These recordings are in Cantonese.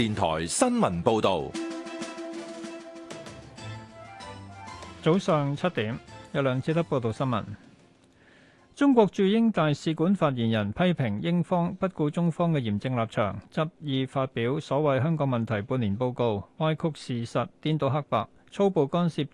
電台新聞報道，早上七點有兩次得報道新聞。中國駐英大使館發言人批評英方不顧中方嘅嚴正立場，執意發表所謂香港問題半年報告，歪曲事實、顛倒黑白、粗暴干涉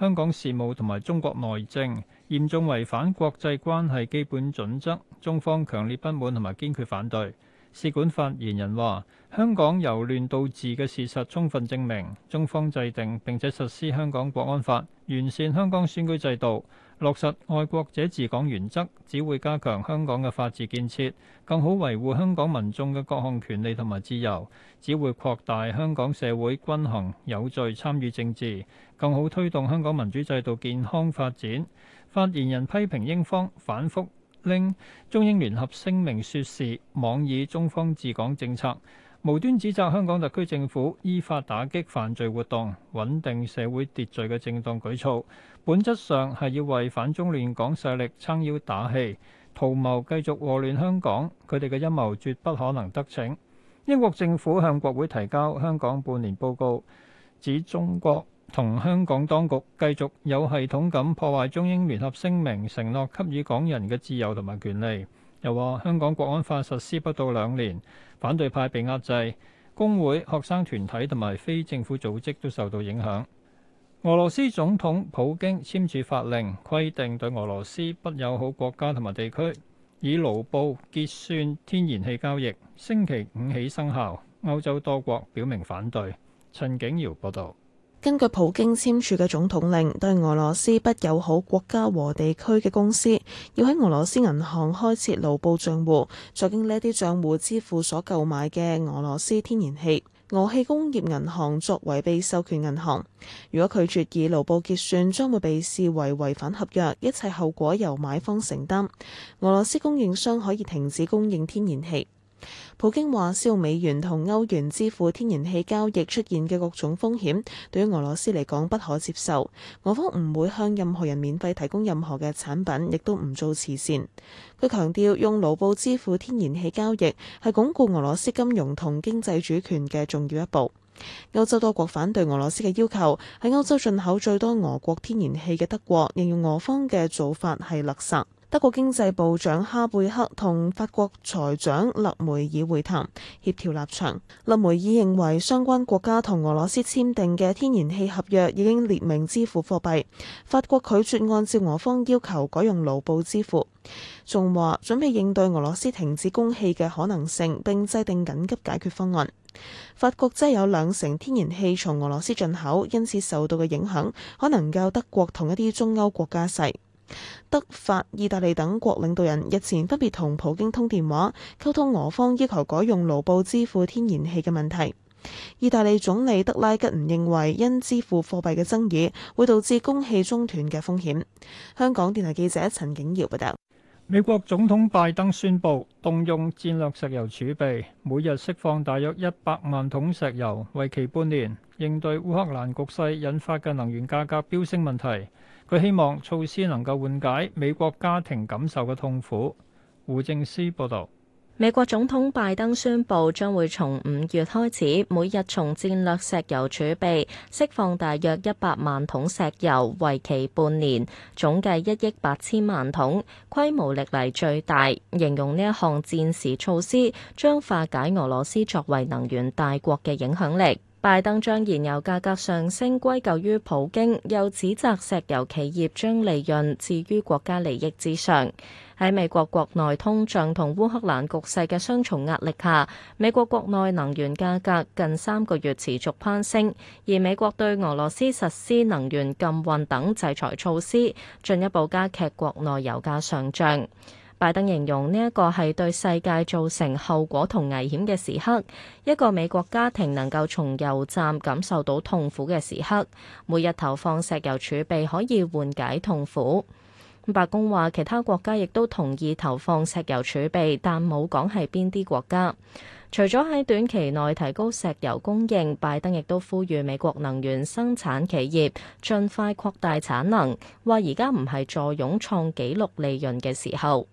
香港事務同埋中國內政，嚴重違反國際關係基本準則，中方強烈不滿同埋堅決反對。使館發言人話：香港由亂到治嘅事實充分證明，中方制定並且實施香港國安法，完善香港選舉制度，落實愛國者治港原則，只會加強香港嘅法治建設，更好維護香港民眾嘅各項權利同埋自由，只會擴大香港社會均衡有序參與政治，更好推動香港民主制度健康發展。發言人批評英方反覆。令中英聯合聲明説事，妄以中方治港政策無端指責香港特區政府依法打擊犯罪活動、穩定社會秩序嘅正當舉措，本質上係要為反中亂港勢力撐腰打氣，圖謀繼續禍亂香港。佢哋嘅陰謀絕不可能得逞。英國政府向國會提交香港半年報告，指中國同香港當局繼續有系統咁破壞中英聯合聲明，承諾給予港人嘅自由同埋權利。又話香港國安法實施不到兩年，反對派被壓制，工會、學生團體同埋非政府組織都受到影響。俄羅斯總統普京簽署法令，規定對俄羅斯不友好國家同埋地區以盧布結算天然氣交易，星期五起生效。歐洲多國表明反對。陳景堯報道。根據普京簽署嘅總統令，對俄羅斯不友好國家和地區嘅公司要喺俄羅斯銀行開設盧布賬戶，再經呢啲賬戶支付所購買嘅俄羅斯天然氣。俄氣工業銀行作為被授權銀行，如果拒絕以盧布結算，將會被視為違反合約，一切後果由買方承擔。俄羅斯供應商可以停止供應天然氣。普京話，使用美元同歐元支付天然氣交易出現嘅各種風險，對於俄羅斯嚟講不可接受。俄方唔會向任何人免費提供任何嘅產品，亦都唔做慈善。佢強調，用盧布支付天然氣交易係鞏固俄羅斯金融同經濟主權嘅重要一步。歐洲多國反對俄羅斯嘅要求，喺歐洲進口最多俄國天然氣嘅德國，形容俄方嘅做法係勒索。德國經濟部長哈貝克同法國財長勒梅爾會談，協調立場。勒梅爾認為，相關國家同俄羅斯簽訂嘅天然氣合約已經列明支付貨幣，法國拒絕按照俄方要求改用盧布支付，仲話準備應對俄羅斯停止供氣嘅可能性，並制定緊急解決方案。法國則有兩成天然氣從俄羅斯進口，因此受到嘅影響可能較德國同一啲中歐國家細。德法、意大利等國領導人日前分別同普京通電話，溝通俄方要求改用盧布支付天然氣嘅問題。意大利總理德拉吉唔認為因支付貨幣嘅爭議會導致供氣中斷嘅風險。香港電台記者陳景瑤報道。美國總統拜登宣布動用戰略石油儲備，每日釋放大約一百萬桶石油，為期半年，應對烏克蘭局勢引發嘅能源價格飆升問題。佢希望措施能夠緩解美國家庭感受嘅痛苦。胡正思報導，美國總統拜登宣布將會從五月開始，每日從戰略石油儲備釋放大約一百萬桶石油，為期半年，總計一億八千萬桶，規模歷嚟最大。形容呢一項戰時措施將化解俄羅斯作為能源大國嘅影響力。拜登將燃油價格上升歸咎於普京，又指責石油企業將利潤置於國家利益之上。喺美國國內通脹同烏克蘭局勢嘅雙重壓力下，美國國內能源價格近三個月持續攀升，而美國對俄羅斯實施能源禁運等制裁措施，進一步加劇國內油價上漲。拜登形容呢一個係對世界造成後果同危險嘅時刻，一個美國家庭能夠從油站感受到痛苦嘅時刻。每日投放石油儲備可以緩解痛苦。白宮話，其他國家亦都同意投放石油儲備，但冇講係邊啲國家。除咗喺短期內提高石油供應，拜登亦都呼籲美國能源生產企業盡快擴大產能，話而家唔係坐擁創紀錄利潤嘅時候。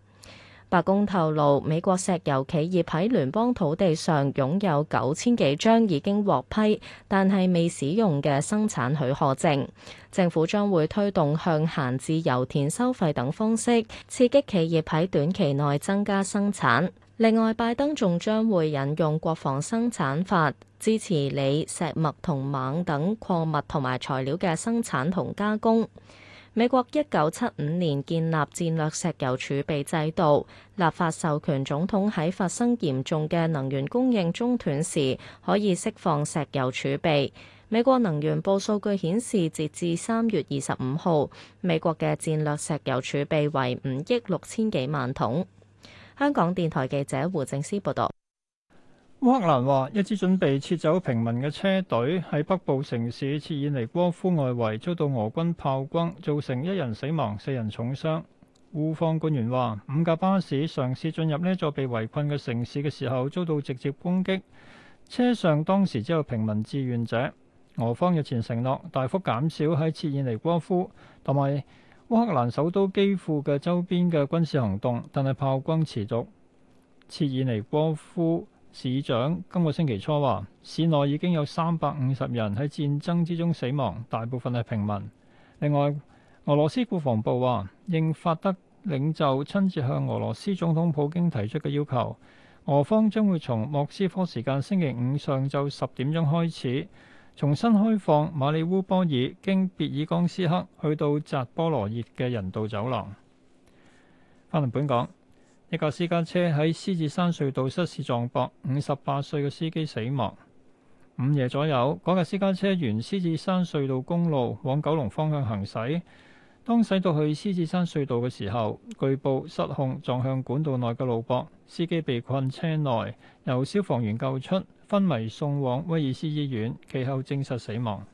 白宮透露，美國石油企業喺聯邦土地上擁有九千幾張已經獲批但係未使用嘅生產許可證。政府將會推動向閒置油田收費等方式，刺激企業喺短期內增加生產。另外，拜登仲將會引用國防生產法，支持鋰、石墨同錳等礦物同埋材料嘅生產同加工。美國一九七五年建立戰略石油儲備制度，立法授權總統喺發生嚴重嘅能源供應中斷時，可以釋放石油儲備。美國能源部數據顯示，截至三月二十五號，美國嘅戰略石油儲備為五億六千幾萬桶。香港電台記者胡正思報道。烏克蘭話：一支準備撤走平民嘅車隊喺北部城市切爾尼戈夫外圍遭到俄軍炮轟，造成一人死亡、四人重傷。烏方官員話：五架巴士嘗試進入呢座被圍困嘅城市嘅時候遭到直接攻擊，車上當時只有平民志願者。俄方日前承諾大幅減少喺切爾尼戈夫同埋烏克蘭首都基輔嘅周邊嘅軍事行動，但係炮轟持續。切爾尼戈夫市長今個星期初話，市內已經有三百五十人喺戰爭之中死亡，大部分係平民。另外，俄羅斯國防部話，應法德領袖親自向俄羅斯總統普京提出嘅要求，俄方將會從莫斯科時間星期五上晝十點鐘開始，重新開放馬里烏波爾經別爾江斯克去到扎波羅熱嘅人道走廊。翻嚟本港。一架私家車喺獅子山隧道失事撞博，五十八歲嘅司機死亡。午夜左右，嗰架私家車沿獅子山隧道公路往九龍方向行駛，當駛到去獅子山隧道嘅時候，據報失控撞向管道內嘅路博，司機被困車內，由消防員救出，昏迷送往威爾斯醫院，其後證實死亡。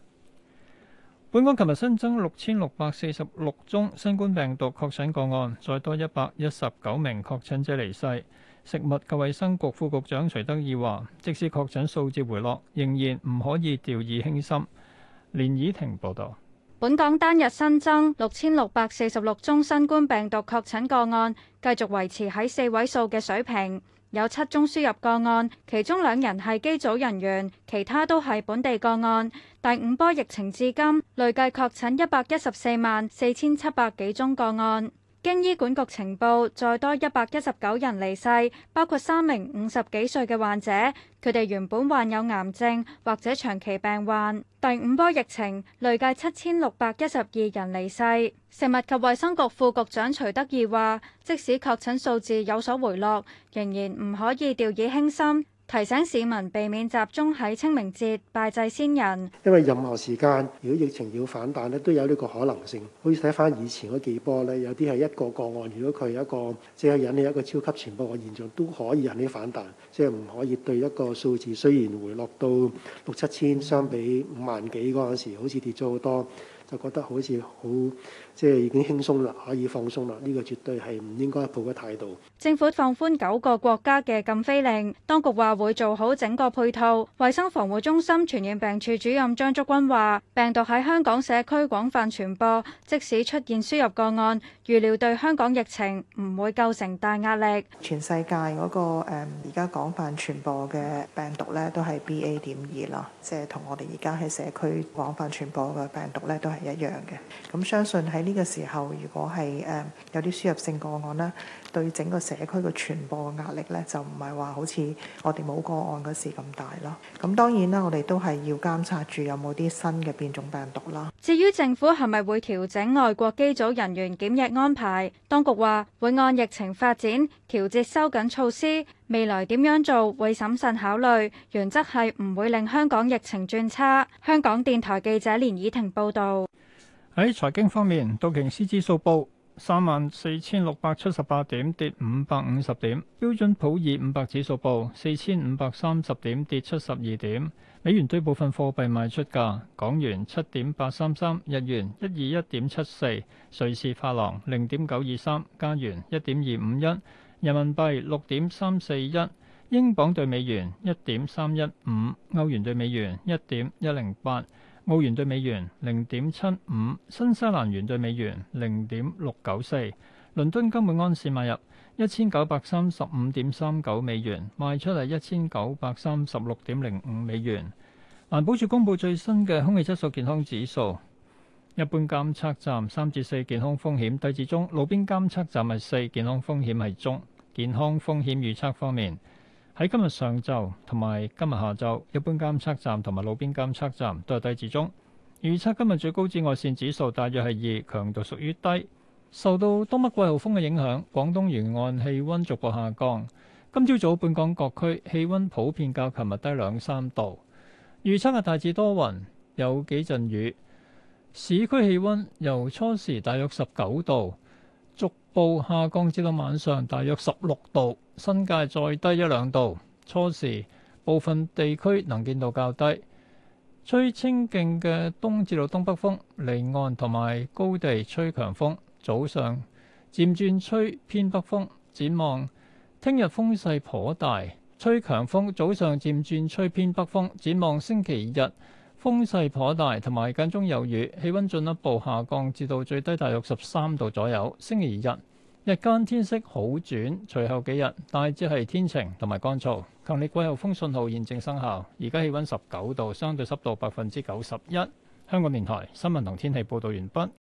本港琴日新增六千六百四十六宗新冠病毒確診個案，再多一百一十九名確診者離世。食物及衛生局副局長徐德義話，即使確診數字回落，仍然唔可以掉以輕心。連以婷報道，本港單日新增六千六百四十六宗新冠病毒確診個案，繼續維持喺四位數嘅水平。有七宗輸入個案，其中兩人係機組人員，其他都係本地個案。第五波疫情至今累計確診一百一十四萬四千七百幾宗個案。經醫管局情報，再多一百一十九人離世，包括三名五十幾歲嘅患者，佢哋原本患有癌症或者長期病患。第五波疫情累計七千六百一十二人離世。食物及衛生局副局長徐德義話，即使確診數字有所回落，仍然唔可以掉以輕心。提醒市民避免集中喺清明節拜祭先人，因為任何時間，如果疫情要反彈咧，都有呢個可能性。好似睇翻以前嗰幾波咧，有啲係一個個案，如果佢一個即係、就是、引起一個超級傳播嘅現象，都可以引起反彈，即係唔可以對一個數字雖然回落到六七千，相比五萬幾嗰陣時，好似跌咗好多，就覺得好似好。即係已經輕鬆啦，可以放鬆啦。呢個絕對係唔應該抱嘅態度。政府放寬九個國家嘅禁飛令，當局話會做好整個配套。衛生防護中心傳染病處主任張竹君話病毒喺香港社區廣泛傳播，即使出現輸入個案，預料對香港疫情唔會構成大壓力。全世界嗰個誒而家廣泛傳播嘅病毒咧，都係 BA. 點二啦，即係同我哋而家喺社區廣泛傳播嘅病毒咧都係一樣嘅。咁相信喺呢個時候，如果係誒有啲輸入性個案咧，對整個社區嘅傳播壓力咧，就唔係話好似我哋冇個案嗰時咁大咯。咁當然啦，我哋都係要監察住有冇啲新嘅變種病毒啦。至於政府係咪會調整外國機組人員檢疫安排？當局話會按疫情發展調節收緊措施，未來點樣做會審慎考慮，原則係唔會令香港疫情轉差。香港電台記者連以婷報導。喺財經方面，道瓊斯指數報三萬四千六百七十八點，跌五百五十點；標準普爾五百指數報四千五百三十點，跌七十二點。美元對部分貨幣賣出價：港元七點八三三，日元一二一點七四，瑞士法郎零點九二三，加元一點二五一，人民幣六點三四一，英鎊對美元一點三一五，歐元對美元一點一零八。澳元兌美元零點七五，新西蘭元兌美元零點六九四。倫敦金每安士買入一千九百三十五點三九美元，賣出係一千九百三十六點零五美元。環保署公布最新嘅空氣質素健康指數，一般監測站三至四，健康風險低至中；路邊監測站係四，健康風險係中。健康風險預測方面，喺今日上晝同埋今日下晝，一般監測站同埋路邊監測站都係低至中。預測今日最高紫外線指數大約係二，強度屬於低。受到東北季候風嘅影響，廣東沿岸氣温逐步下降。今朝早，本港各區氣温普遍較琴日低兩三度。預測今日大致多雲，有幾陣雨。市區氣温由初時大約十九度，步下降至到晚上大約十六度，新界再低一兩度。初時部分地區能見度較低，吹清勁嘅東至路東北風，離岸同埋高地吹強風。早上漸轉吹偏北風，展望聽日風勢頗大，吹強風。早上漸轉吹偏北風，展望星期日。風勢頗大，同埋間中有雨，氣溫進一步下降至到最低大約十三度左右。星期二日間天色好轉，隨後幾日大致係天晴同埋乾燥。強烈季候風信號現正生效，而家氣溫十九度，相對濕度百分之九十一。香港電台新聞同天氣報道完畢。